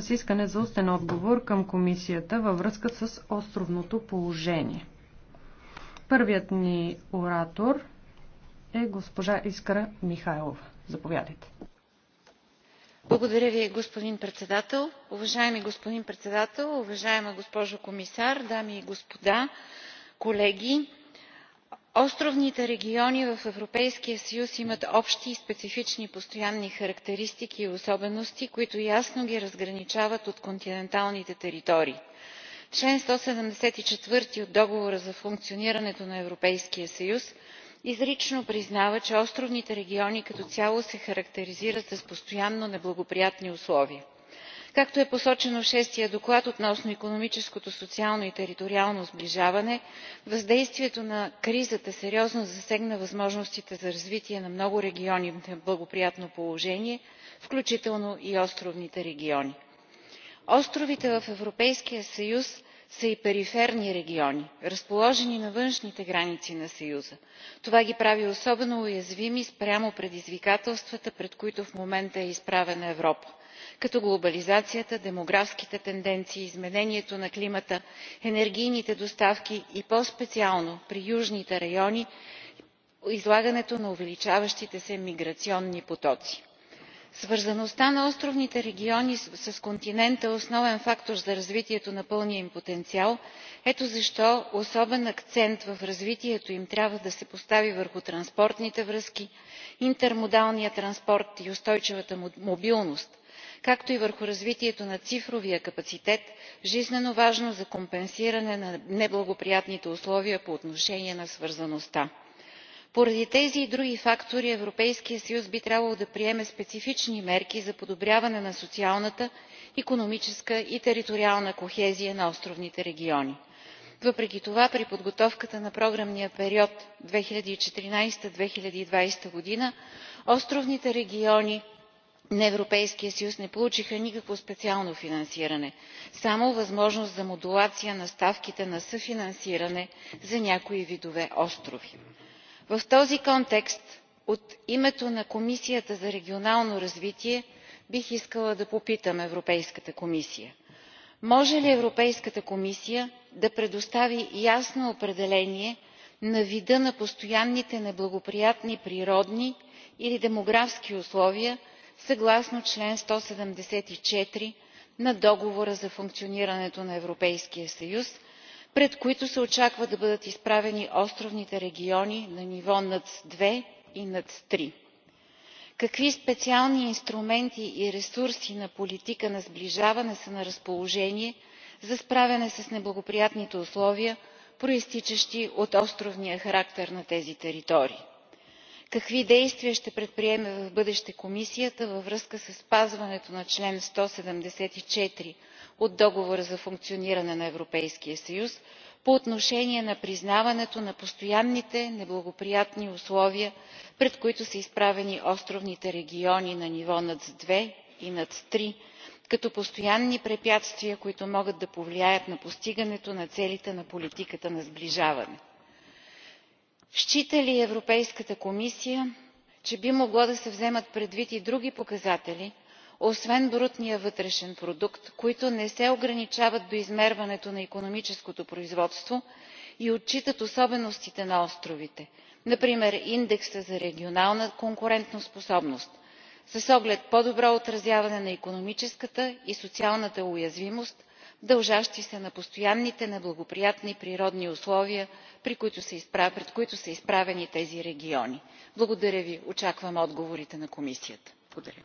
с искане за устен отговор към комисията във връзка с островното положение. Първият ни оратор е госпожа Искра Михайлова. Заповядайте. Благодаря ви, господин председател. Уважаеми господин председател, уважаема госпожо комисар, дами и господа, колеги! островните региони в европейския съюз имат общи и специфични постоянни характеристики и особености които ясно ги разграничават от континенталните територии. член сто седемдесет и от договора за функционирането на европейския съюз изрично признава че островните региони като цяло се характеризират с постоянно неблагоприятни условия както е посочено в шестия доклад относно икономическото социално и териториално сближаване въздействието на кризата сериозно засегна възможностите за развитие на много региони в неблагоприятно положение включително и островните региони. островите в европейския съюз са и периферни региони разположени на външните граници на съюза. това ги прави особено уязвими спрямо предизвикателствата пред които в момента е изправена европа като глобализацията демографските тенденции изменението на климата енергийните доставки и по специално при южните райони излагането на увеличаващите се миграционни потоци. свързаността на островните региони с континента е основен фактор за развитието на пълния им потенциал ето защо особен акцент в развитието им трябва да се постави върху транспортните връзки интермодалния транспорт и устойчивата мобилност както и върху развитието на цифровия капацитет жизненоважно за компенсиране на неблагоприятните условия по отношение на свързаността. поради тези и други фактори европейският съюз би трябвало да приеме специфични мерки за подобряване на социалната икономическа и териториална кохезия на островните региони. въпреки това при подготовката на програмния период две хиляди и четиринадесет две хиляди и двадесет г. островните региони на европейския съюз не получиха никакво специално финансиране само възможност за модулация на ставките на съфинансиране за някои видове острови. в този контекст от името на комисията за регионално развитие бих искала да попитам европейската комисия може ли европейската комисия да предостави ясно определение на вида на постоянните неблагоприятни природни или демографски условия съгласно член сто седемдесет и четири на договора за функционирането на европейския съюз пред които се очаква да бъдат изправени островните региони на ниво nuts 2 и nuts three. какви специални инструменти и ресурси на политика на сближаване са на разположение за справяне с неблагоприятните условия произтичащи от островния характер на тези територии? какви действия ще предприеме в бъдеще комисията във връзка със спазването на член сто седемдесет четири от договора за функциониране на европейския съюз по отношение на признаването на постоянните неблагоприятни условия пред които са изправени островните региони на ниво над ii и над iii като постоянни препятствия които могат да повлияят на постигането на целите на политиката на сближаване? счита ли европейската комисия че би могло да се вземат предвид и други показатели освен брутния вътрешен продукт които не се ограничават до измерването на икономическото производство и отчитат особеностите на островите например индекса за регионална конкурентоспособност с оглед по добро отразяване на икономическата и социалната уязвимост дължащи се на постоянните неблагоприятни природни условия пред които са изправени тези региони. благодаря ви. очаквам отговорите на комисията. благодаря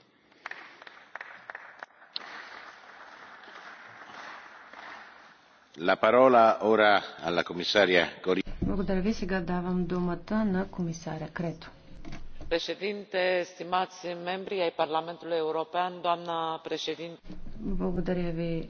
președinte stimați membri ai parlamentului european doamnă președintă благодаря ви, е,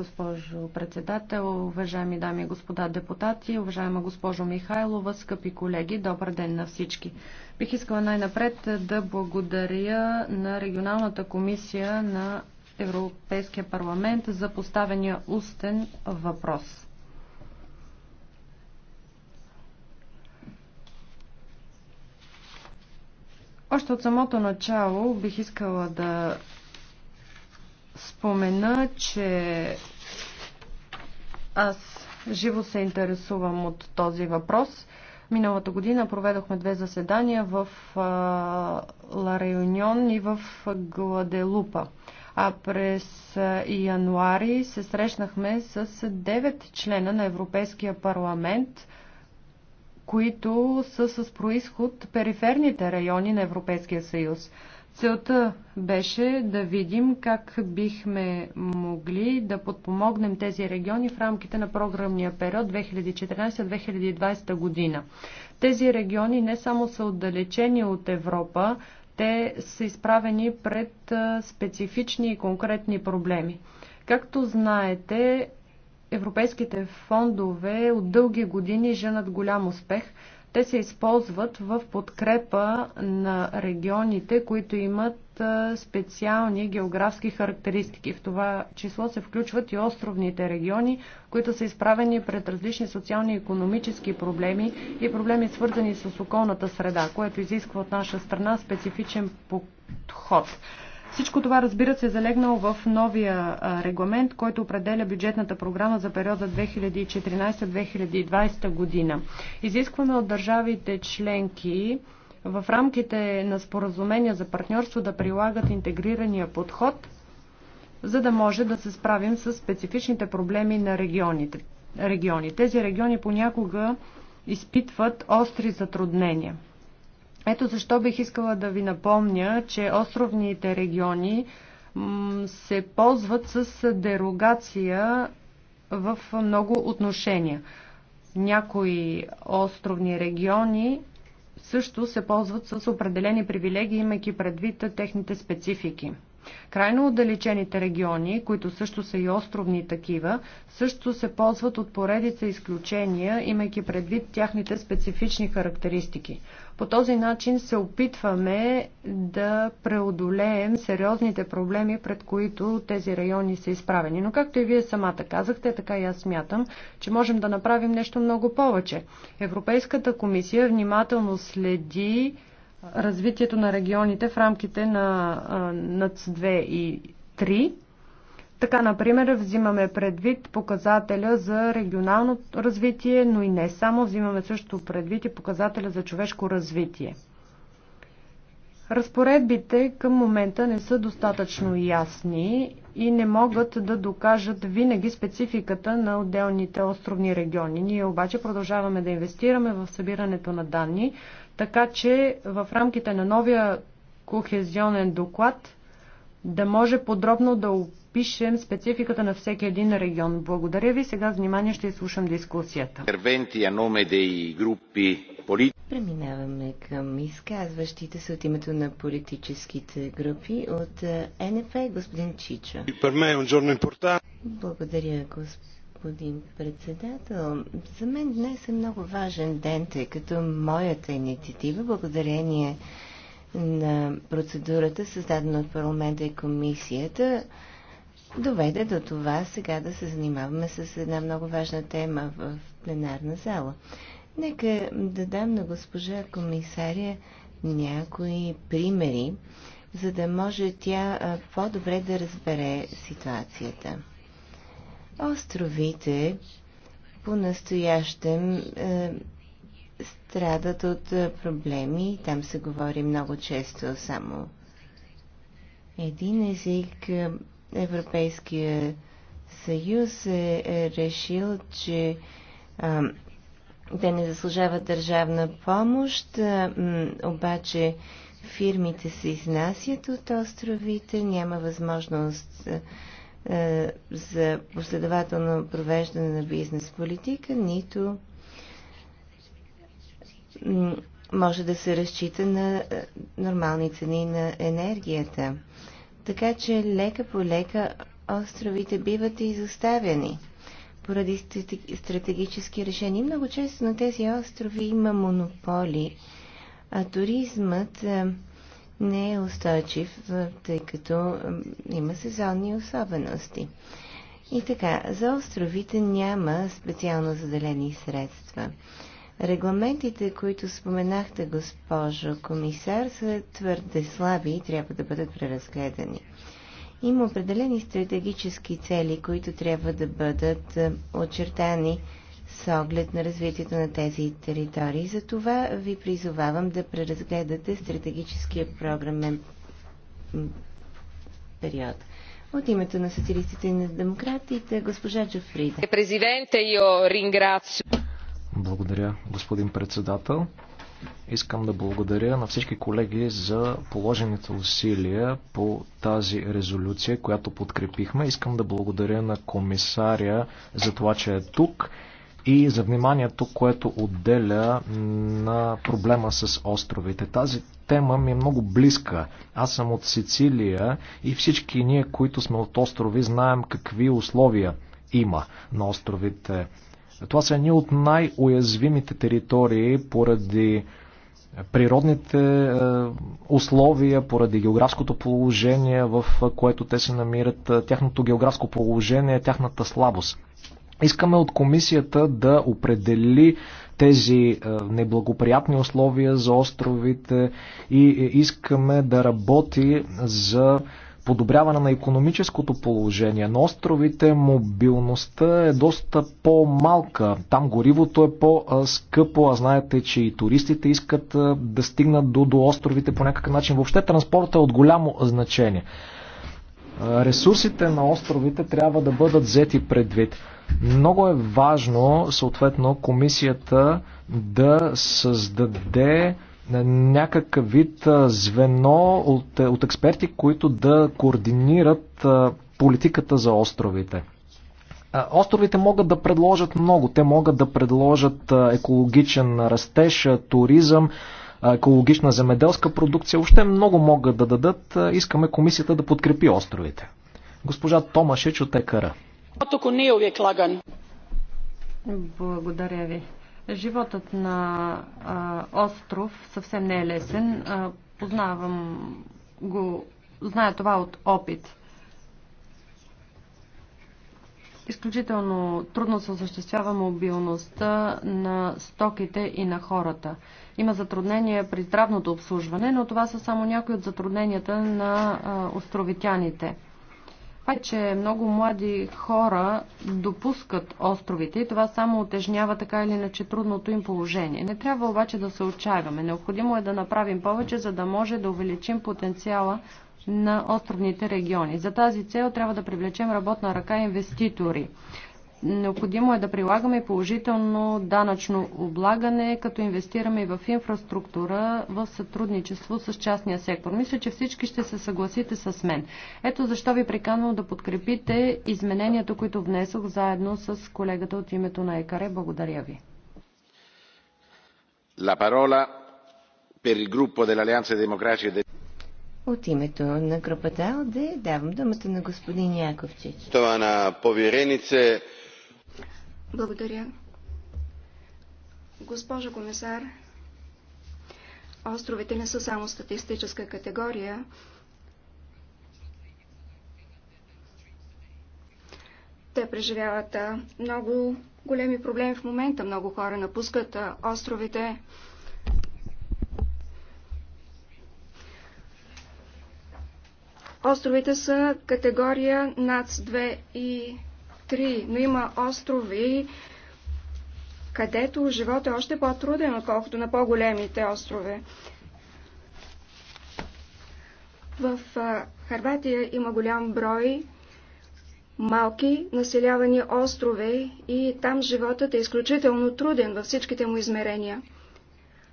госпожо председател, уважаеми дами и господа депутати, уважаема госпожо Михайлова, скъпи колеги, добър ден на всички. Бих искала най-напред да благодаря на Регионалната комисия на Европейския парламент за поставения устен въпрос. Още от самото начало бих искала да спомена, че аз живо се интересувам от този въпрос. Миналата година проведохме две заседания в Ла Реюнион и в Гладелупа. А през януари се срещнахме с 9 члена на Европейския парламент – които са с происход периферните райони на Европейския съюз. Целта беше да видим как бихме могли да подпомогнем тези региони в рамките на програмния период 2014-2020 година. Тези региони не само са отдалечени от Европа, те са изправени пред специфични и конкретни проблеми. Както знаете, Европейските фондове от дълги години женат голям успех. Те се използват в подкрепа на регионите, които имат специални географски характеристики. В това число се включват и островните региони, които са изправени пред различни социални и економически проблеми и проблеми свързани с околната среда, което изисква от наша страна специфичен подход. Всичко това, разбира се, е залегнало в новия регламент, който определя бюджетната програма за периода 2014-2020 година. Изискваме от държавите членки в рамките на споразумения за партньорство да прилагат интегрирания подход, за да може да се справим с специфичните проблеми на регионите. региони. Тези региони понякога изпитват остри затруднения. Ето защо бих искала да ви напомня, че островните региони се ползват с дерогация в много отношения. Някои островни региони също се ползват с определени привилегии, имайки предвид техните специфики. Крайно отдалечените региони, които също са и островни такива, също се ползват от поредица изключения, имайки предвид тяхните специфични характеристики. По този начин се опитваме да преодолеем сериозните проблеми, пред които тези райони са изправени. Но както и вие самата казахте, така и аз смятам, че можем да направим нещо много повече. Европейската комисия внимателно следи развитието на регионите в рамките на НАЦ 2 и така, например, взимаме предвид показателя за регионално развитие, но и не само, взимаме също предвид и показателя за човешко развитие. Разпоредбите към момента не са достатъчно ясни и не могат да докажат винаги спецификата на отделните островни региони. Ние обаче продължаваме да инвестираме в събирането на данни, така че в рамките на новия кохезионен доклад да може подробно да опишем спецификата на всеки един регион. Благодаря ви. Сега внимание ще изслушам дискусията. Преминаваме към изказващите се от името на политическите групи от е, НФ господин Чича. Благодаря, господин председател. За мен днес е много важен ден, тъй като моята инициатива, благодарение на процедурата, създадена от парламента и комисията, доведе до това сега да се занимаваме с една много важна тема в пленарна зала. Нека да дам на госпожа комисаря някои примери, за да може тя по-добре да разбере ситуацията. Островите по-настоящем е, страдат от е, проблеми. Там се говори много често само един език. Е, Европейския съюз е, е решил, че а, те не заслужават държавна помощ, а, обаче фирмите се изнасят от островите, няма възможност а, за последователно провеждане на бизнес политика, нито може да се разчита на е, нормални цени на енергията. Така че лека по лека островите биват изоставяни поради стратегически решения. Много често на тези острови има монополи, а туризмът е, не е устойчив, е, тъй като има сезонни особености. И така, за островите няма специално заделени средства. Регламентите, които споменахте, госпожо комисар, са твърде слаби и трябва да бъдат преразгледани. Има определени стратегически цели, които трябва да бъдат е, очертани с оглед на развитието на тези територии. За това ви призовавам да преразгледате стратегическия програмен период. От името на социалистите и на демократите, госпожа Джофрида. Е, президенте, я благодаря, господин председател. Искам да благодаря на всички колеги за положените усилия по тази резолюция, която подкрепихме. Искам да благодаря на комисаря за това, че е тук и за вниманието, което отделя на проблема с островите. Тази тема ми е много близка. Аз съм от Сицилия и всички ние, които сме от острови, знаем какви условия има на островите. Това са едни от най-уязвимите територии поради природните е, условия, поради географското положение, в което те се намират, е, тяхното географско положение, тяхната слабост. Искаме от комисията да определи тези е, неблагоприятни условия за островите и искаме да работи за подобряване на економическото положение на островите, мобилността е доста по-малка. Там горивото е по-скъпо, а знаете, че и туристите искат да стигнат до, до островите по някакъв начин. Въобще транспорта е от голямо значение. Ресурсите на островите трябва да бъдат взети предвид. Много е важно, съответно, комисията да създаде някакъв вид звено от, е, от експерти, които да координират политиката за островите. Островите могат да предложат много. Те могат да предложат екологичен растеж, туризъм, екологична земеделска продукция. Още много могат да дадат. Искаме комисията да подкрепи островите. Госпожа Томашеч от ЕКР. Благодаря ви. Животът на а, остров съвсем не е лесен. А, познавам го, зная това от опит. Изключително трудно се осъществява мобилността на стоките и на хората. Има затруднения при здравното обслужване, но това са само някои от затрудненията на островитяните. Факт, че много млади хора допускат островите и това само отежнява така или иначе трудното им положение. Не трябва обаче да се отчаиваме. Необходимо е да направим повече, за да може да увеличим потенциала на островните региони. За тази цел трябва да привлечем работна ръка и инвеститори. Необходимо е да прилагаме положително данъчно облагане, като инвестираме и в инфраструктура в сътрудничество с частния сектор. Мисля, че всички ще се съгласите с мен. Ето защо ви приканвам да подкрепите измененията, които внесох заедно с колегата от името на ЕКАРЕ. Благодаря ви. La parola per il gruppo dell'Alleanza Democratica Democratici e от името на групата АЛДЕ давам думата на господин Яковчич. на поверенице, благодаря. Госпожо комисар, островите не са само статистическа категория. Те преживяват много големи проблеми в момента. Много хора напускат островите. Островите са категория над 2 и три, но има острови, където живот е още по-труден, отколкото на по-големите острове. В Харватия има голям брой малки населявани острове и там животът е изключително труден във всичките му измерения.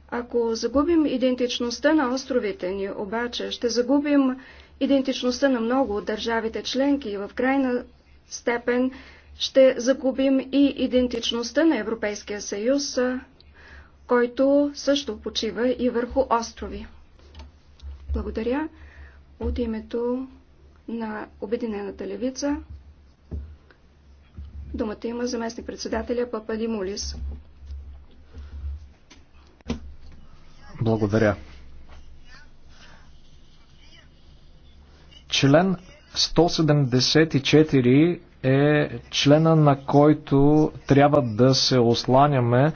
Ако загубим идентичността на островите ни, обаче ще загубим идентичността на много от държавите членки и в крайна степен ще загубим и идентичността на Европейския съюз, който също почива и върху острови. Благодаря от името на Обединената левица. Думата има заместник председателя Папа Димулис. Благодаря. Член 174 е члена на който трябва да се осланяме,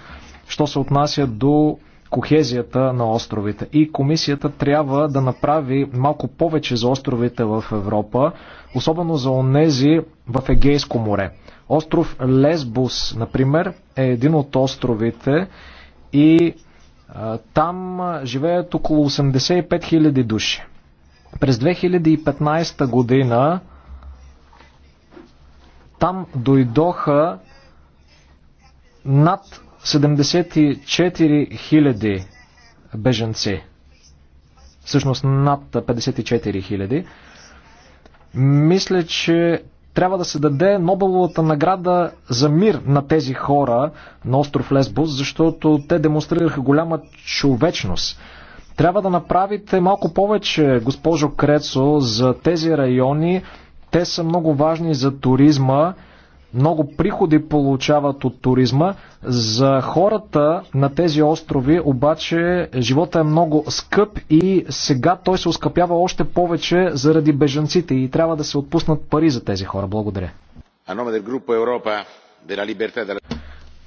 що се отнася до кохезията на островите. И комисията трябва да направи малко повече за островите в Европа, особено за онези в Егейско море. Остров Лесбус, например, е един от островите и а, там живеят около 85 000 души. През 2015 година там дойдоха над 74 000 беженци. Всъщност над 54 000. Мисля, че трябва да се даде Нобеловата награда за мир на тези хора на остров Лесбос, защото те демонстрираха голяма човечност. Трябва да направите малко повече, госпожо Крецо, за тези райони. Те са много важни за туризма. Много приходи получават от туризма. За хората на тези острови обаче живота е много скъп и сега той се оскъпява още повече заради бежанците и трябва да се отпуснат пари за тези хора. Благодаря.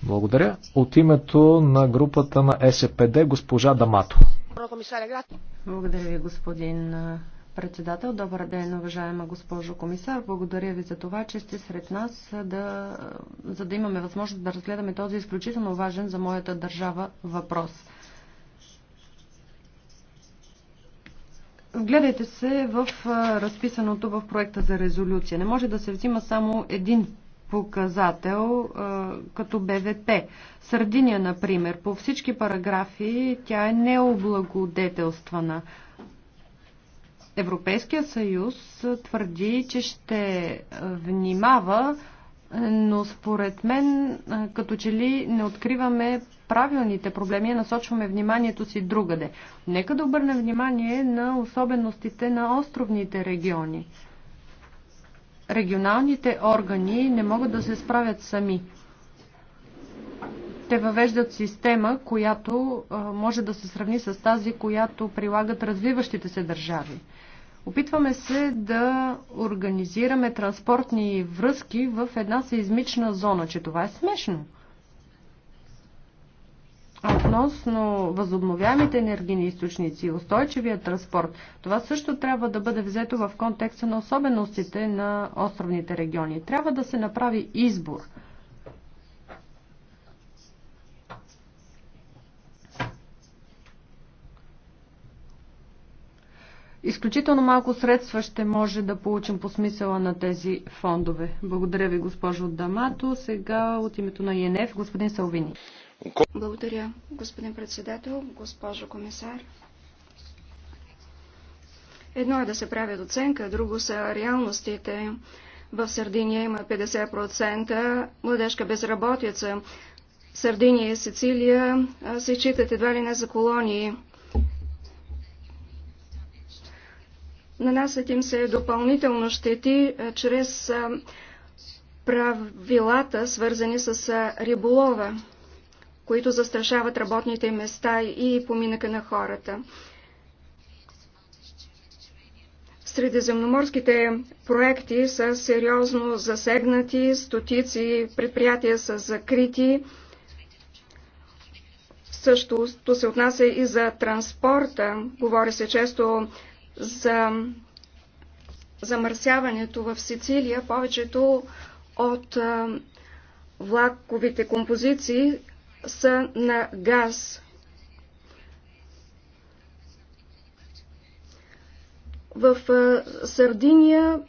Благодаря. От името на групата на СПД госпожа Дамато. Благодаря ви, господин председател. Добър ден, уважаема госпожо комисар. Благодаря ви за това, че сте сред нас, да, за да имаме възможност да разгледаме този изключително важен за моята държава въпрос. Вгледайте се в разписаното в проекта за резолюция. Не може да се взима само един показател като БВП. Сърдиния, например, по всички параграфи тя е необлагодетелствана. Европейския съюз твърди, че ще внимава, но според мен като че ли не откриваме правилните проблеми, насочваме вниманието си другаде. Нека да обърнем внимание на особеностите на островните региони регионалните органи не могат да се справят сами. Те въвеждат система, която може да се сравни с тази, която прилагат развиващите се държави. Опитваме се да организираме транспортни връзки в една сеизмична зона, че това е смешно – относно възобновяемите енергийни източници и устойчивия транспорт, това също трябва да бъде взето в контекста на особеностите на островните региони. Трябва да се направи избор. Изключително малко средства ще може да получим по смисъла на тези фондове. Благодаря ви, госпожо Дамато. Сега от името на ЕНФ, господин Салвини. Благодаря, господин председател, госпожо комисар. Едно е да се правят оценка, друго са реалностите. В Сърдиния има 50% младежка безработица. Сърдиния и Сицилия се читат едва ли не за колонии. Нанасят им се допълнително щети чрез правилата, свързани с риболова които застрашават работните места и поминъка на хората. Средиземноморските проекти са сериозно засегнати, стотици предприятия са закрити. Същото се отнася и за транспорта. Говори се често за замърсяването в Сицилия. Повечето от влаковите композиции са на газ. В Сардиния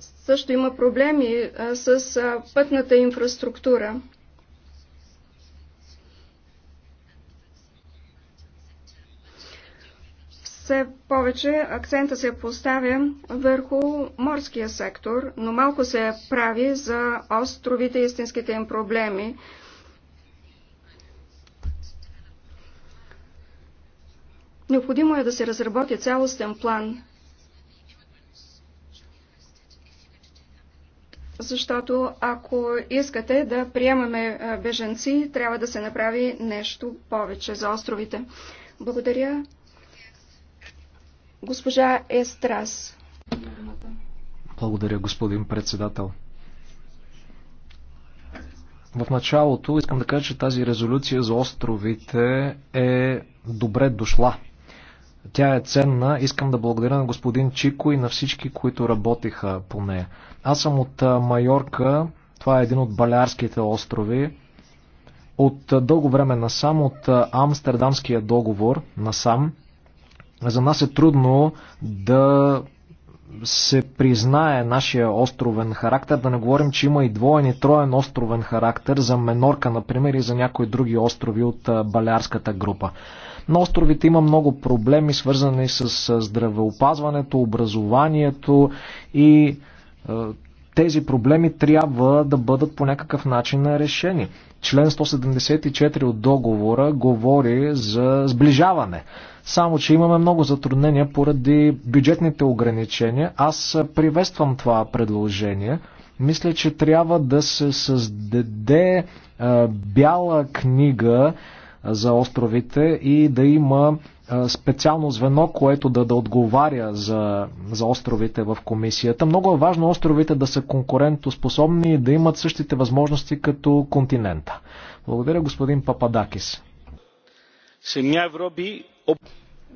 също има проблеми с пътната инфраструктура. все повече акцента се поставя върху морския сектор, но малко се прави за островите и истинските им проблеми. Необходимо е да се разработи цялостен план, защото ако искате да приемаме беженци, трябва да се направи нещо повече за островите. Благодаря. Госпожа Естрас. Благодаря, господин председател. В началото искам да кажа, че тази резолюция за островите е добре дошла. Тя е ценна. Искам да благодаря на господин Чико и на всички, които работиха по нея. Аз съм от Майорка. Това е един от Балярските острови. От дълго време насам, от Амстердамския договор насам, за нас е трудно да се признае нашия островен характер, да не говорим, че има и двоен и троен островен характер за Менорка, например, и за някои други острови от Балярската група. На островите има много проблеми, свързани с здравеопазването, образованието и тези проблеми трябва да бъдат по някакъв начин решени. Член 174 от договора говори за сближаване. Само, че имаме много затруднения поради бюджетните ограничения. Аз приветствам това предложение. Мисля, че трябва да се създаде бяла книга за островите и да има специално звено, което да, да отговаря за, за островите в комисията. Много е важно островите да са конкурентоспособни и да имат същите възможности като континента. Благодаря, господин Пападакис.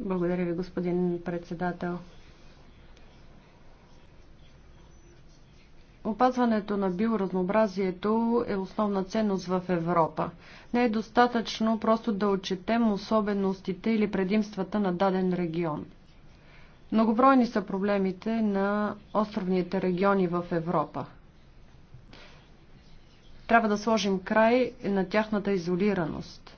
Благодаря ви, господин председател. Опазването на биоразнообразието е основна ценност в Европа. Не е достатъчно просто да отчетем особеностите или предимствата на даден регион. Многобройни са проблемите на островните региони в Европа. Трябва да сложим край на тяхната изолираност.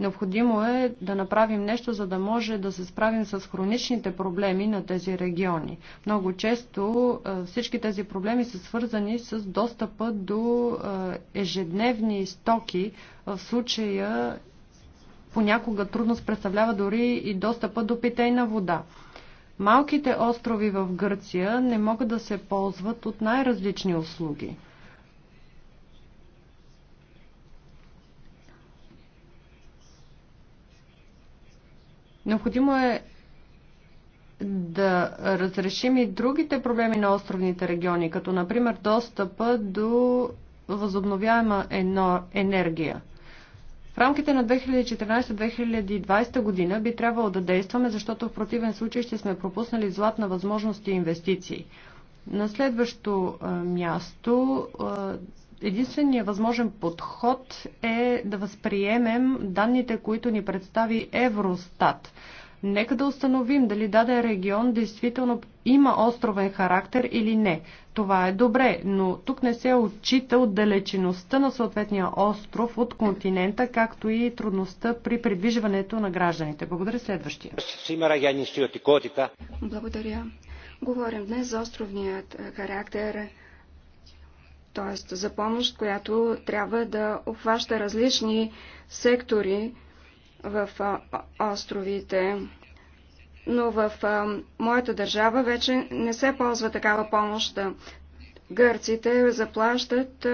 Необходимо е да направим нещо, за да може да се справим с хроничните проблеми на тези региони. Много често е, всички тези проблеми са свързани с достъпа до е, ежедневни стоки, в случая понякога трудност представлява дори и достъпа до питейна вода. Малките острови в Гърция не могат да се ползват от най-различни услуги. Необходимо е да разрешим и другите проблеми на островните региони, като например достъпа до възобновяема енергия. В рамките на 2014-2020 година би трябвало да действаме, защото в противен случай ще сме пропуснали златна възможност и инвестиции. На следващо място единственият възможен подход е да възприемем данните, които ни представи Евростат. Нека да установим дали даден регион действително има островен характер или не. Това е добре, но тук не се отчита отдалечеността на съответния остров от континента, както и трудността при придвижването на гражданите. Благодаря следващия. Благодаря. Говорим днес за островният характер т.е. за помощ, която трябва да обхваща различни сектори в островите. Но в моята държава вече не се ползва такава помощ. Гърците заплащат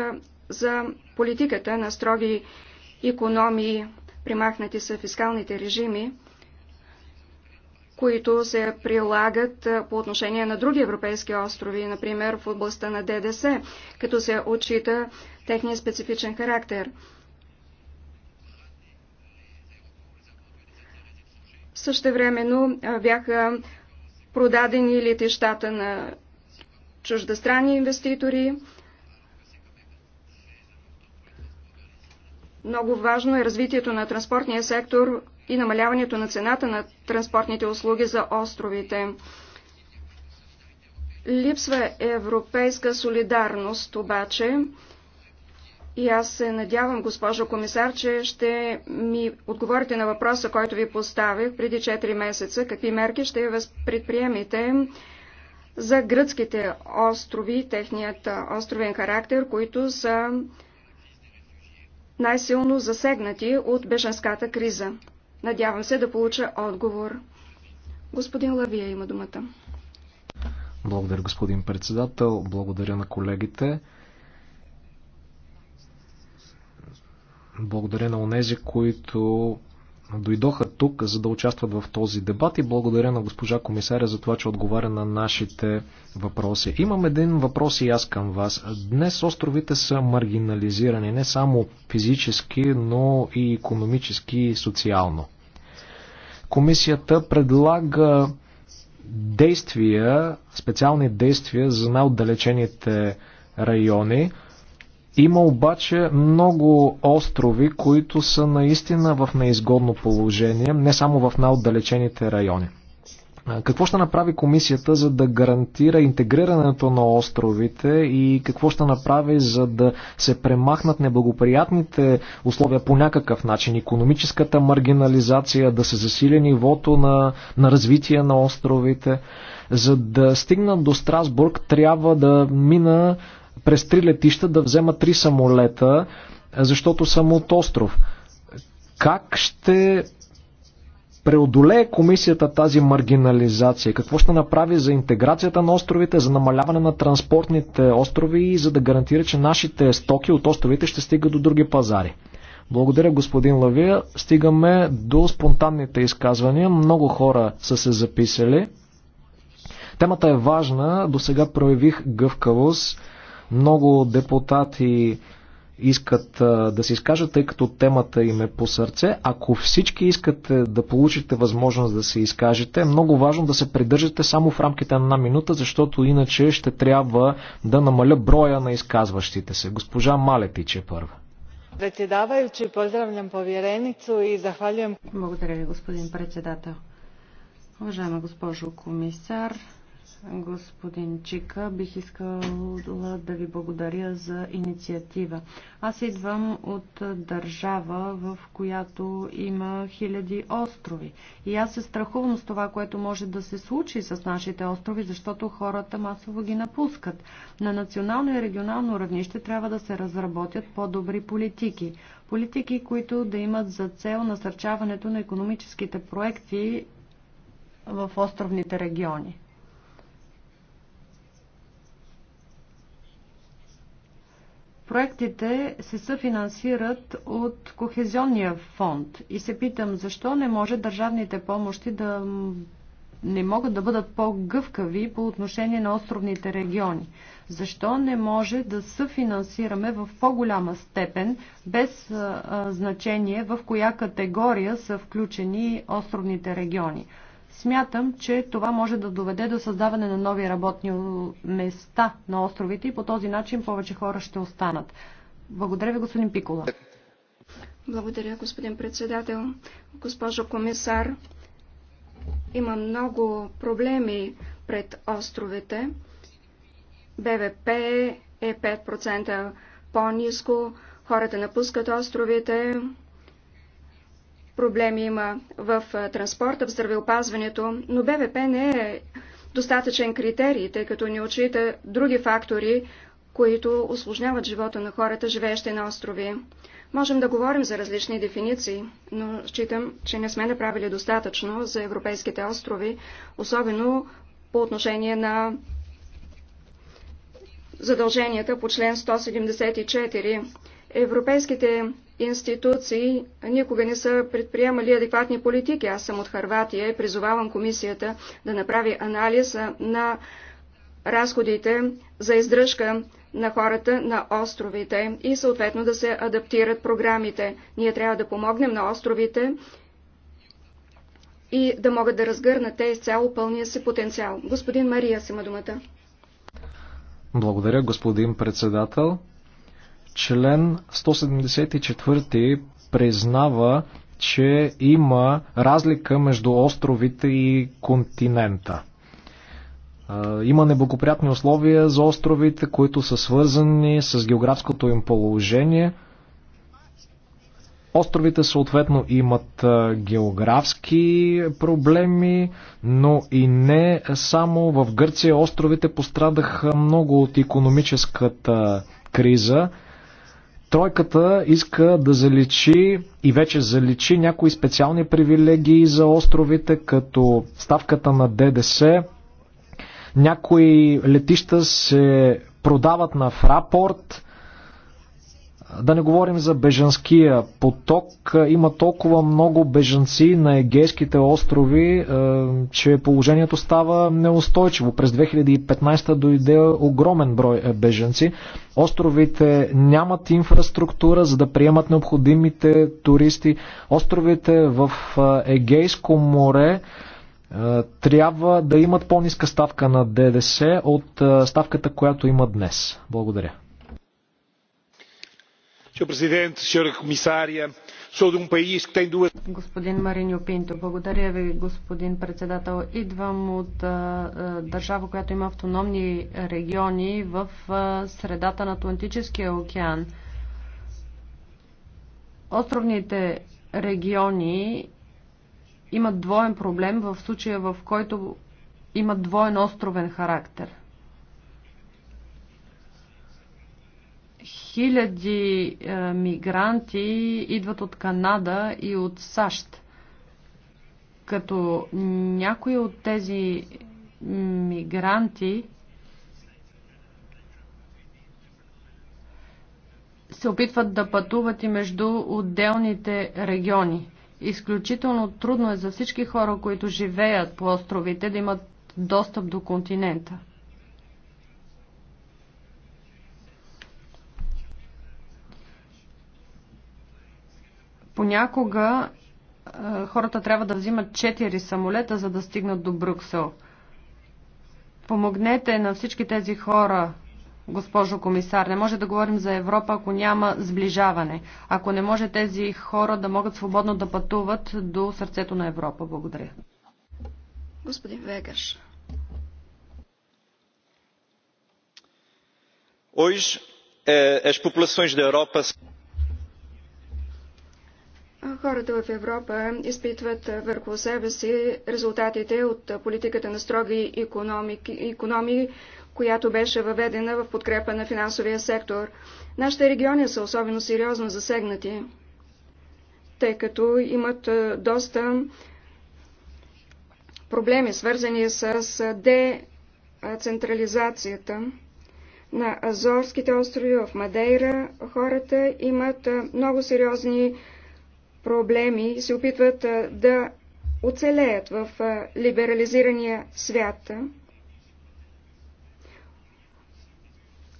за политиката на строги економии, примахнати са фискалните режими които се прилагат по отношение на други европейски острови, например в областта на ДДС, като се отчита техния специфичен характер. Същевременно бяха продадени летищата на чуждестранни инвеститори. Много важно е развитието на транспортния сектор и намаляването на цената на транспортните услуги за островите. Липсва европейска солидарност обаче и аз се надявам, госпожо комисар, че ще ми отговорите на въпроса, който ви поставих преди 4 месеца. Какви мерки ще предприемете за гръцките острови, техният островен характер, които са най-силно засегнати от беженската криза. Надявам се да получа отговор. Господин Лавия има думата. Благодаря, господин председател. Благодаря на колегите. Благодаря на онези, които дойдоха тук, за да участват в този дебат и благодаря на госпожа комисаря за това, че отговаря на нашите въпроси. Имам един въпрос и аз към вас. Днес островите са маргинализирани не само физически, но и економически и социално. Комисията предлага действия, специални действия за най-отдалечените райони. Има обаче много острови, които са наистина в неизгодно положение, не само в най-отдалечените райони. Какво ще направи комисията, за да гарантира интегрирането на островите и какво ще направи, за да се премахнат неблагоприятните условия по някакъв начин? Економическата маргинализация, да се засили нивото на, на развитие на островите. За да стигна до Страсбург, трябва да мина през три летища да взема три самолета, защото съм от остров. Как ще преодолее комисията тази маргинализация? Какво ще направи за интеграцията на островите, за намаляване на транспортните острови и за да гарантира, че нашите стоки от островите ще стигат до други пазари? Благодаря, господин Лавия. Стигаме до спонтанните изказвания. Много хора са се записали. Темата е важна. До сега проявих гъвкавост. Много депутати искат да се изкажат, тъй като темата им е по сърце. Ако всички искате да получите възможност да се изкажете, е много важно да се придържате само в рамките на една минута, защото иначе ще трябва да намаля броя на изказващите се. Госпожа Малетич е първа. Председавайчи, поздравлям повереницу и захвалям. Благодаря ви, господин председател. Уважаема госпожо комисар, господин Чика. Бих искала да ви благодаря за инициатива. Аз идвам от държава, в която има хиляди острови. И аз се страхувам с това, което може да се случи с нашите острови, защото хората масово ги напускат. На национално и регионално равнище трябва да се разработят по-добри политики. Политики, които да имат за цел насърчаването на економическите проекти в островните региони. Проектите се съфинансират от Кохезионния фонд и се питам защо не може държавните помощи да не могат да бъдат по-гъвкави по отношение на островните региони? Защо не може да съфинансираме в по-голяма степен, без а, значение в коя категория са включени островните региони? Смятам, че това може да доведе до създаване на нови работни места на островите и по този начин повече хора ще останат. Благодаря ви, господин Пикола. Благодаря, господин председател. Госпожо комисар, има много проблеми пред островите. БВП е 5% по-ниско, хората напускат островите, проблеми има в транспорта, в здравеопазването, но БВП не е достатъчен критерий, тъй като не отчита други фактори, които осложняват живота на хората, живеещи на острови. Можем да говорим за различни дефиниции, но считам, че не сме направили достатъчно за европейските острови, особено по отношение на задълженията по член 174. Европейските институции никога не са предприемали адекватни политики. Аз съм от Харватия и призовавам комисията да направи анализ на разходите за издръжка на хората на островите и съответно да се адаптират програмите. Ние трябва да помогнем на островите и да могат да разгърнат те изцяло пълния си потенциал. Господин Мария си има думата. Благодаря, господин председател. Член 174 признава, че има разлика между островите и континента. Има неблагоприятни условия за островите, които са свързани с географското им положение. Островите съответно имат географски проблеми, но и не само в Гърция. Островите пострадаха много от економическата криза. Тройката иска да заличи и вече заличи някои специални привилегии за островите, като ставката на ДДС. Някои летища се продават на Фрапорт, да не говорим за бежанския поток. Има толкова много бежанци на егейските острови, е, че положението става неустойчиво. През 2015 дойде огромен брой е, бежанци. Островите нямат инфраструктура, за да приемат необходимите туристи. Островите в е, Егейско море трябва да имат по-ниска ставка на ДДС от ставката, която има днес. Благодаря. Senhor Presidente, Senhora Comissária, sou de um país que tem duas... Господин Мариньо Пинто, благодаря ви, господин председател. Идвам от държава, която има автономни региони в средата на Атлантическия океан. Островните региони имат двоен проблем в случая, в който имат двоен островен характер – хиляди е, мигранти идват от Канада и от САЩ. Като някои от тези мигранти се опитват да пътуват и между отделните региони. Изключително трудно е за всички хора, които живеят по островите, да имат достъп до континента. Понякога хората трябва да взимат четири самолета, за да стигнат до Брюксел. Помогнете на всички тези хора, госпожо комисар. Не може да говорим за Европа, ако няма сближаване. Ако не може тези хора да могат свободно да пътуват до сърцето на Европа. Благодаря. Господин Вегаш. Hoje, eh, as populações da Europa Хората в Европа изпитват върху себе си резултатите от политиката на строги економики, економии, която беше въведена в подкрепа на финансовия сектор. Нашите региони са особено сериозно засегнати, тъй като имат е, доста проблеми, свързани с децентрализацията. На Азорските острови в Мадейра хората имат е, много сериозни проблеми се опитват да оцелеят в либерализирания свят.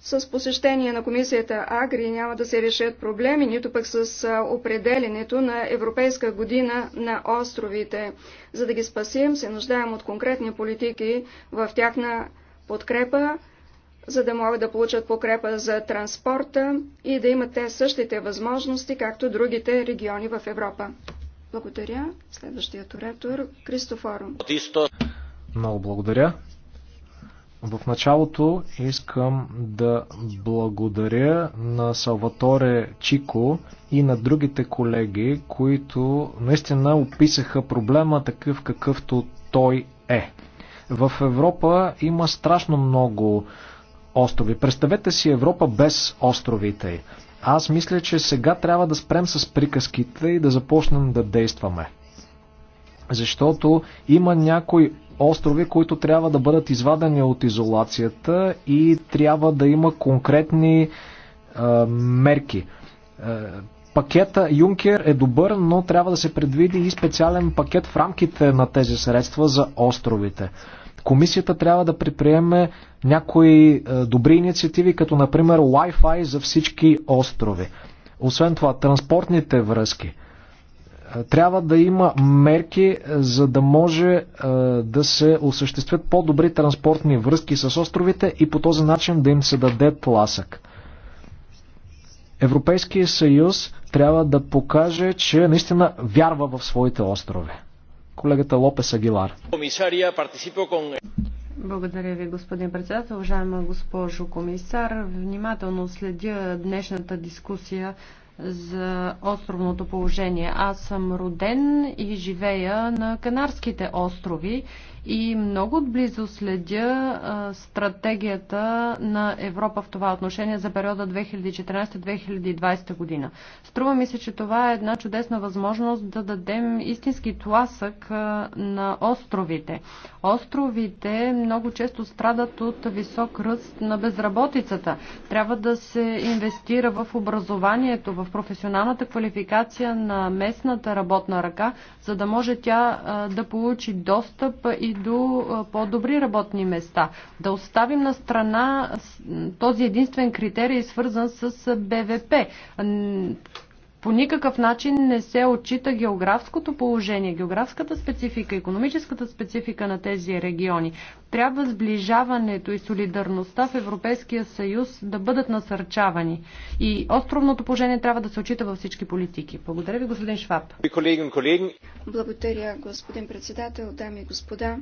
С посещение на комисията Агри няма да се решат проблеми, нито пък с определенето на Европейска година на островите. За да ги спасим, се нуждаем от конкретни политики в тяхна подкрепа за да могат да получат покрепа за транспорта и да имат те същите възможности, както другите региони в Европа. Благодаря. Следващият оратор Кристофор. Много благодаря. В началото искам да благодаря на Салваторе Чико и на другите колеги, които наистина описаха проблема такъв какъвто той е. В Европа има страшно много острови. Представете си Европа без островите Аз мисля, че сега трябва да спрем с приказките и да започнем да действаме. Защото има някои острови, които трябва да бъдат извадени от изолацията и трябва да има конкретни е, мерки. Е, пакета Юнкер е добър, но трябва да се предвиди и специален пакет в рамките на тези средства за островите. Комисията трябва да предприеме някои е, добри инициативи, като например Wi-Fi за всички острови. Освен това, транспортните връзки. Е, трябва да има мерки, е, за да може да се осъществят по-добри транспортни връзки с островите и по този начин да им се даде тласък. Европейския съюз трябва да покаже, че наистина вярва в своите острови. Колегата Лопес Агилар. Благодаря ви, господин председател. Уважаема госпожо комисар, внимателно следя днешната дискусия за островното положение. Аз съм роден и живея на Канарските острови и много отблизо следя а, стратегията на Европа в това отношение за периода 2014-2020 година. Струва ми се, че това е една чудесна възможност да дадем истински тласък а, на островите. Островите много често страдат от висок ръст на безработицата. Трябва да се инвестира в образованието, в професионалната квалификация на местната работна ръка, за да може тя а, да получи достъп и до по-добри работни места. Да оставим на страна този единствен критерий, свързан с БВП по никакъв начин не се отчита географското положение, географската специфика, економическата специфика на тези региони. Трябва сближаването и солидарността в Европейския съюз да бъдат насърчавани. И островното положение трябва да се отчита във всички политики. Благодаря ви, господин Шваб. Благодаря, господин председател, дами и господа.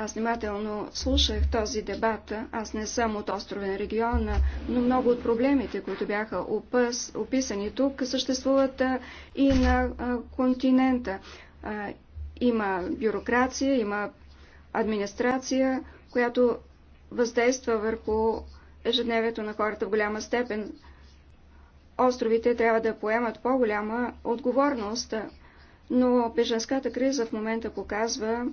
Аз внимателно слушах този дебат. Аз не съм от островен регион, но много от проблемите, които бяха опъс, описани тук, съществуват и на континента. Има бюрокрация, има администрация, която въздейства върху ежедневието на хората в голяма степен. Островите трябва да поемат по-голяма отговорност, но беженската криза в момента показва,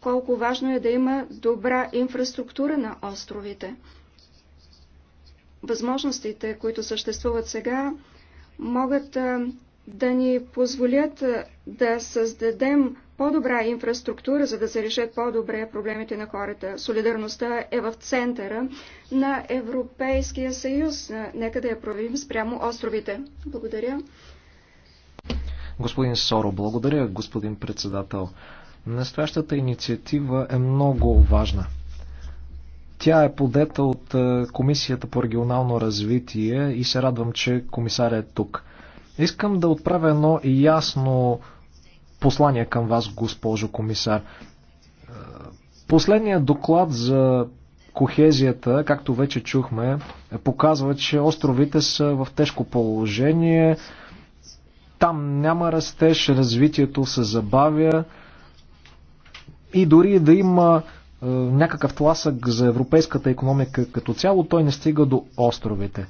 колко важно е да има добра инфраструктура на островите. Възможностите, които съществуват сега, могат да ни позволят да създадем по-добра инфраструктура, за да се решат по-добре проблемите на хората. Солидарността е в центъра на Европейския съюз. Нека да я проявим спрямо островите. Благодаря. Господин Соро, благодаря, господин председател. Настоящата инициатива е много важна. Тя е подета от е, Комисията по регионално развитие и се радвам, че комисар е тук. Искам да отправя едно ясно послание към вас, госпожо комисар. Е, последният доклад за кохезията, както вече чухме, показва, че островите са в тежко положение. Там няма растеж, развитието се забавя. И дори да има е, някакъв тласък за европейската економика като цяло, той не стига до островите.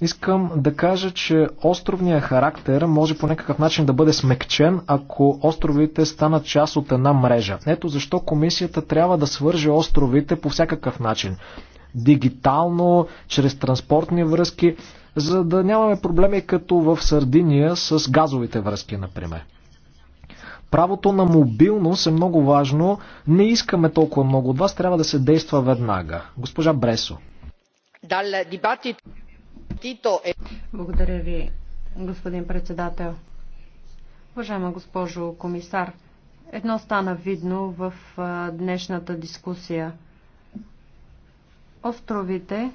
Искам да кажа, че островният характер може по някакъв начин да бъде смекчен, ако островите станат част от една мрежа. Ето защо комисията трябва да свърже островите по всякакъв начин. Дигитално, чрез транспортни връзки, за да нямаме проблеми като в Сардиния с газовите връзки, например. Правото на мобилност е много важно. Не искаме толкова много от вас, трябва да се действа веднага. Госпожа Бресо. Е- Благодаря ви, господин председател. Уважаема госпожо комисар, едно стана видно в днешната дискусия. Островите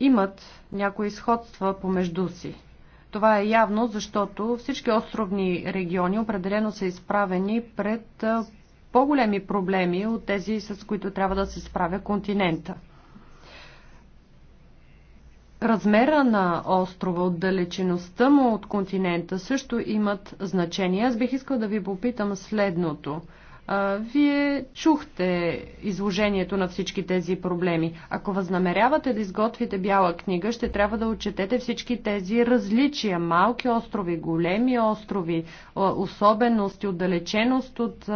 имат някои сходства помежду си. Това е явно, защото всички островни региони определено са изправени пред по-големи проблеми от тези, с които трябва да се справя континента. Размера на острова, отдалечеността му от континента също имат значение. Аз бих искал да ви попитам следното – вие чухте изложението на всички тези проблеми. Ако възнамерявате да изготвите бяла книга, ще трябва да отчетете всички тези различия. Малки острови, големи острови, особености, отдалеченост от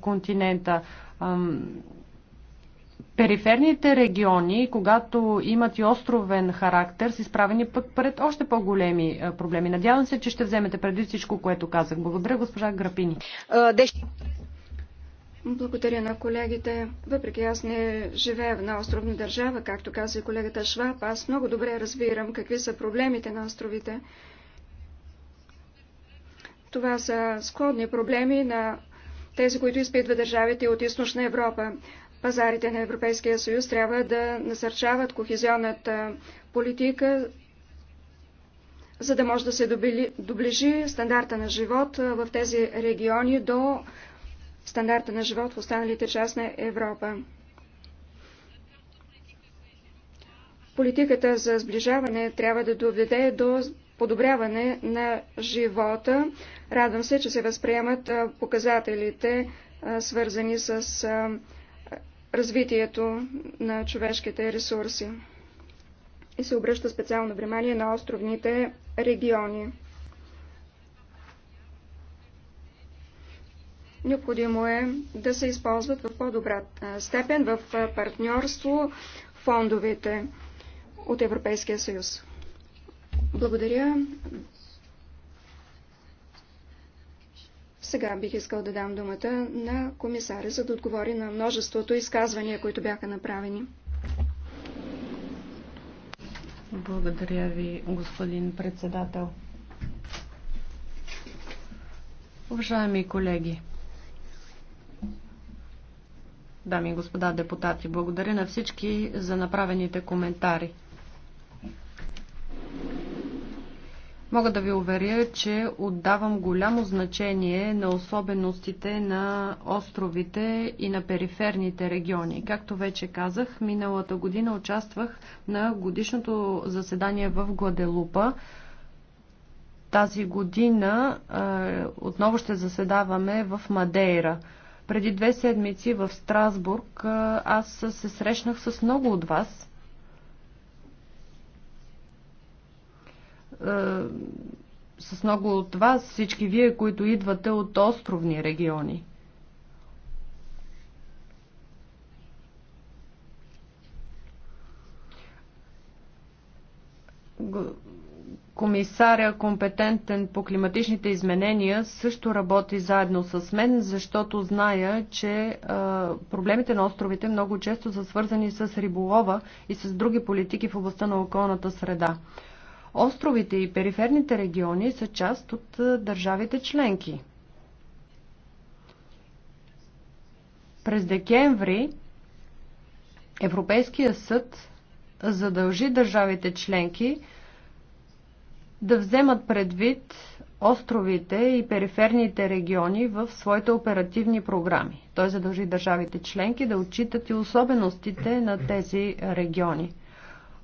континента. Периферните региони, когато имат и островен характер, са изправени пък пред още по-големи проблеми. Надявам се, че ще вземете преди всичко, което казах. Благодаря, госпожа Грапини. Благодаря на колегите. Въпреки аз не живея в една островна държава, както каза и колегата Шваб, аз много добре разбирам какви са проблемите на островите. Това са сходни проблеми на тези, които изпитва държавите от източна Европа. Пазарите на Европейския съюз трябва да насърчават кохезионната политика, за да може да се доближи стандарта на живот в тези региони до стандарта на живот в останалите част на Европа. Политиката за сближаване трябва да доведе до подобряване на живота. Радвам се, че се възприемат показателите, свързани с развитието на човешките ресурси. И се обръща специално внимание на островните региони. Необходимо е да се използват в по-добра степен в партньорство фондовете от Европейския съюз. Благодаря. Сега бих искал да дам думата на комисаря, за да отговори на множеството изказвания, които бяха направени. Благодаря ви, господин председател. Уважаеми колеги, дами и господа депутати. Благодаря на всички за направените коментари. Мога да ви уверя, че отдавам голямо значение на особеностите на островите и на периферните региони. Както вече казах, миналата година участвах на годишното заседание в Гладелупа. Тази година е, отново ще заседаваме в Мадейра. Преди две седмици в Страсбург аз се срещнах с много от вас. С много от вас, всички вие, които идвате от островни региони. Го комисаря, компетентен по климатичните изменения, също работи заедно с мен, защото зная, че а, проблемите на островите много често са свързани с риболова и с други политики в областта на околната среда. Островите и периферните региони са част от а, държавите членки. През декември Европейския съд задължи държавите членки да вземат предвид островите и периферните региони в своите оперативни програми. Той задължи държавите членки да отчитат и особеностите на тези региони.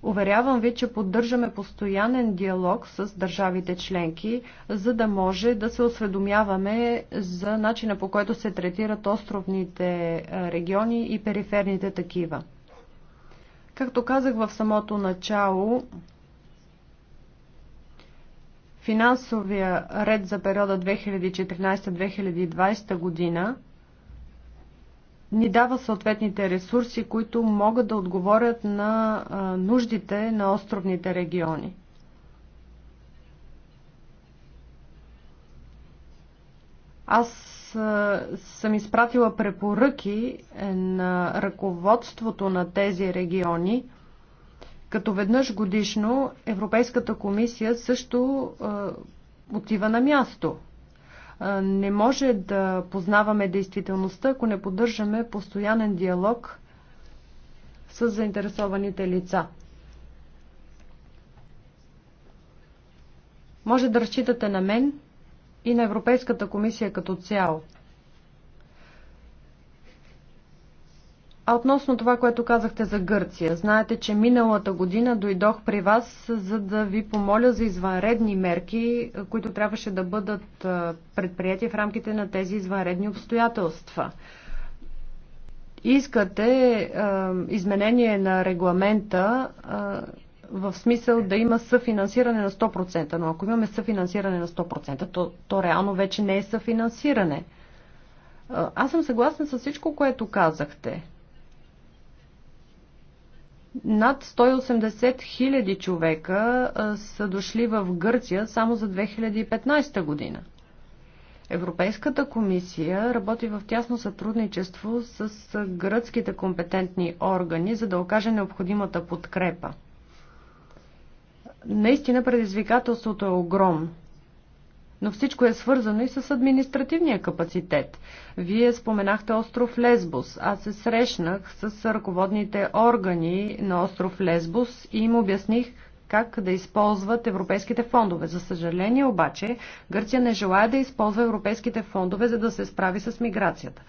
Уверявам ви, че поддържаме постоянен диалог с държавите членки, за да може да се осведомяваме за начина по който се третират островните региони и периферните такива. Както казах в самото начало, финансовия ред за периода 2014-2020 година ни дава съответните ресурси, които могат да отговорят на нуждите на островните региони. Аз съм изпратила препоръки е, на ръководството на тези региони – като веднъж годишно Европейската комисия също отива на място. Не може да познаваме действителността, ако не поддържаме постоянен диалог с заинтересованите лица. Може да разчитате на мен и на Европейската комисия като цяло. А относно това, което казахте за Гърция, знаете, че миналата година дойдох при вас, за да ви помоля за извънредни мерки, които трябваше да бъдат предприяти в рамките на тези извънредни обстоятелства. Искате е, изменение на регламента е, в смисъл да има съфинансиране на 100%, но ако имаме съфинансиране на 100%, то, то реално вече не е съфинансиране. Аз съм съгласна с всичко, което казахте. Над 180 хиляди човека са дошли в Гърция само за 2015 година. Европейската комисия работи в тясно сътрудничество с гръцките компетентни органи, за да окаже необходимата подкрепа. Наистина предизвикателството е огромно но всичко е свързано и с административния капацитет. Вие споменахте остров Лесбос. Аз се срещнах с ръководните органи на остров Лесбос и им обясних как да използват европейските фондове. За съжаление обаче, Гърция не желая да използва европейските фондове, за да се справи с миграцията.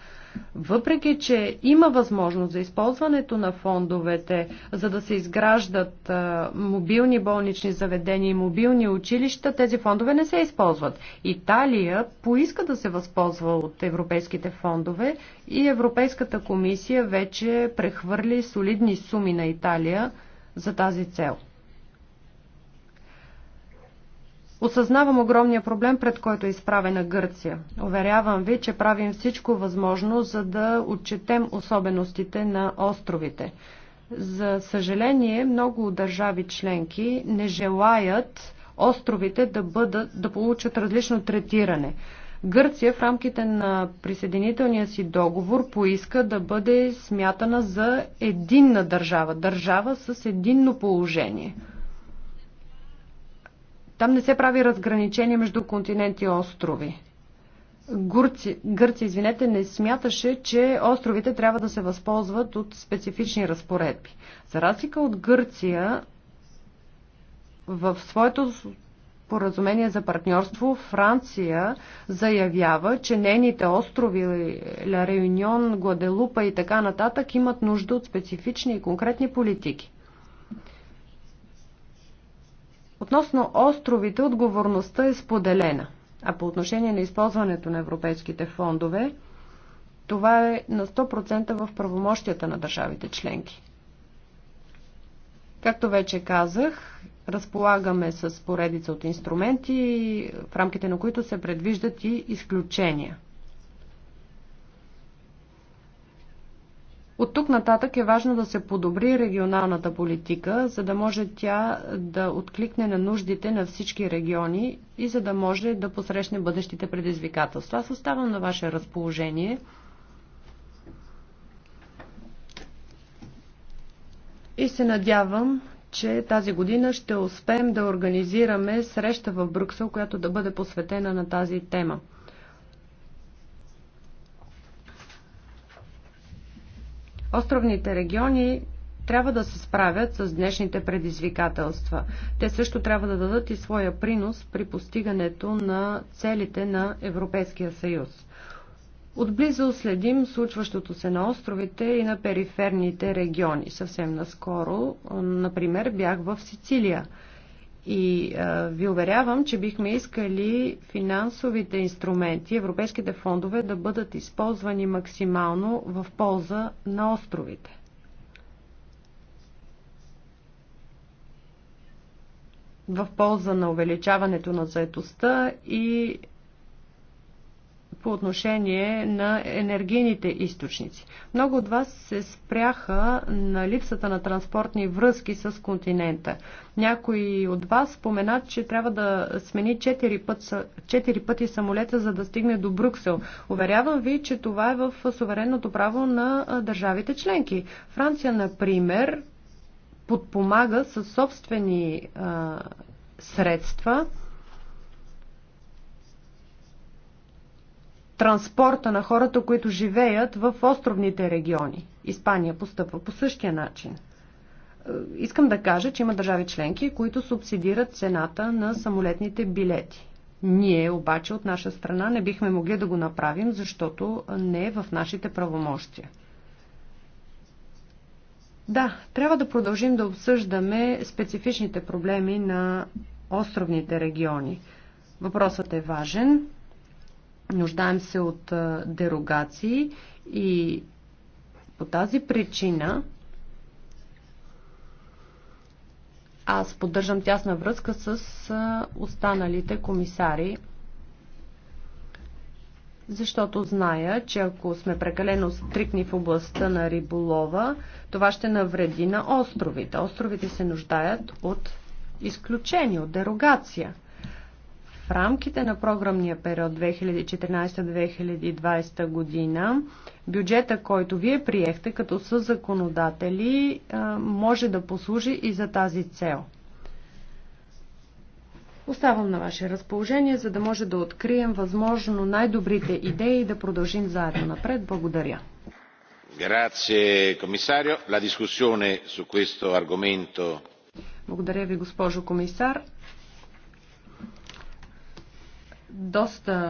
Въпреки, че има възможност за използването на фондовете, за да се изграждат мобилни болнични заведения и мобилни училища, тези фондове не се използват. Италия поиска да се възползва от европейските фондове и Европейската комисия вече прехвърли солидни суми на Италия за тази цел. Осъзнавам огромния проблем, пред който е изправена Гърция. Уверявам ви, че правим всичко възможно, за да отчетем особеностите на островите. За съжаление, много държави членки не желаят островите да, бъдат, да получат различно третиране. Гърция в рамките на присъединителния си договор поиска да бъде смятана за единна държава, държава с единно положение – там не се прави разграничение между континент и острови. Гурци, гърци, извинете, не смяташе, че островите трябва да се възползват от специфични разпоредби. За разлика от Гърция, в своето споразумение за партньорство Франция заявява, че нейните острови Ла Реюнион, Гладелупа и така нататък имат нужда от специфични и конкретни политики. Относно островите, отговорността е споделена. А по отношение на използването на европейските фондове, това е на 100% в правомощията на държавите членки. Както вече казах, разполагаме с поредица от инструменти, в рамките на които се предвиждат и изключения – От тук нататък е важно да се подобри регионалната политика, за да може тя да откликне на нуждите на всички региони и за да може да посрещне бъдещите предизвикателства. Аз оставам на ваше разположение. И се надявам, че тази година ще успеем да организираме среща в Брюксел, която да бъде посветена на тази тема. Островните региони трябва да се справят с днешните предизвикателства. Те също трябва да дадат и своя принос при постигането на целите на Европейския съюз. Отблизо следим случващото се на островите и на периферните региони. Съвсем наскоро, например, бях в Сицилия – и а, ви уверявам, че бихме искали финансовите инструменти, европейските фондове да бъдат използвани максимално в полза на островите. в полза на увеличаването на заетостта и по отношение на енергийните източници. Много от вас се спряха на липсата на транспортни връзки с континента. Някои от вас споменат, че трябва да смени 4 пъти, 4 пъти самолета, за да стигне до Брюксел. Уверявам ви, че това е в суверенното право на държавите членки. Франция, например, подпомага със собствени а, средства транспорта на хората, които живеят в островните региони. Испания постъпва по същия начин. Е, искам да кажа, че има държави членки, които субсидират цената на самолетните билети. Ние обаче от наша страна не бихме могли да го направим, защото не е в нашите правомощия. Да, трябва да продължим да обсъждаме специфичните проблеми на островните региони. Въпросът е важен. Нуждаем се от дерогации и по тази причина аз поддържам тясна връзка с останалите комисари, защото зная, че ако сме прекалено стрикни в областта на риболова, това ще навреди на островите. Островите се нуждаят от изключение, от дерогация – в рамките на програмния период 2014-2020 година бюджета, който вие приехте като съзаконодатели, може да послужи и за тази цел. Оставам на ваше разположение, за да може да открием възможно най-добрите идеи и да продължим заедно напред. Благодаря. Grazie, La su argomento... Благодаря ви, госпожо комисар доста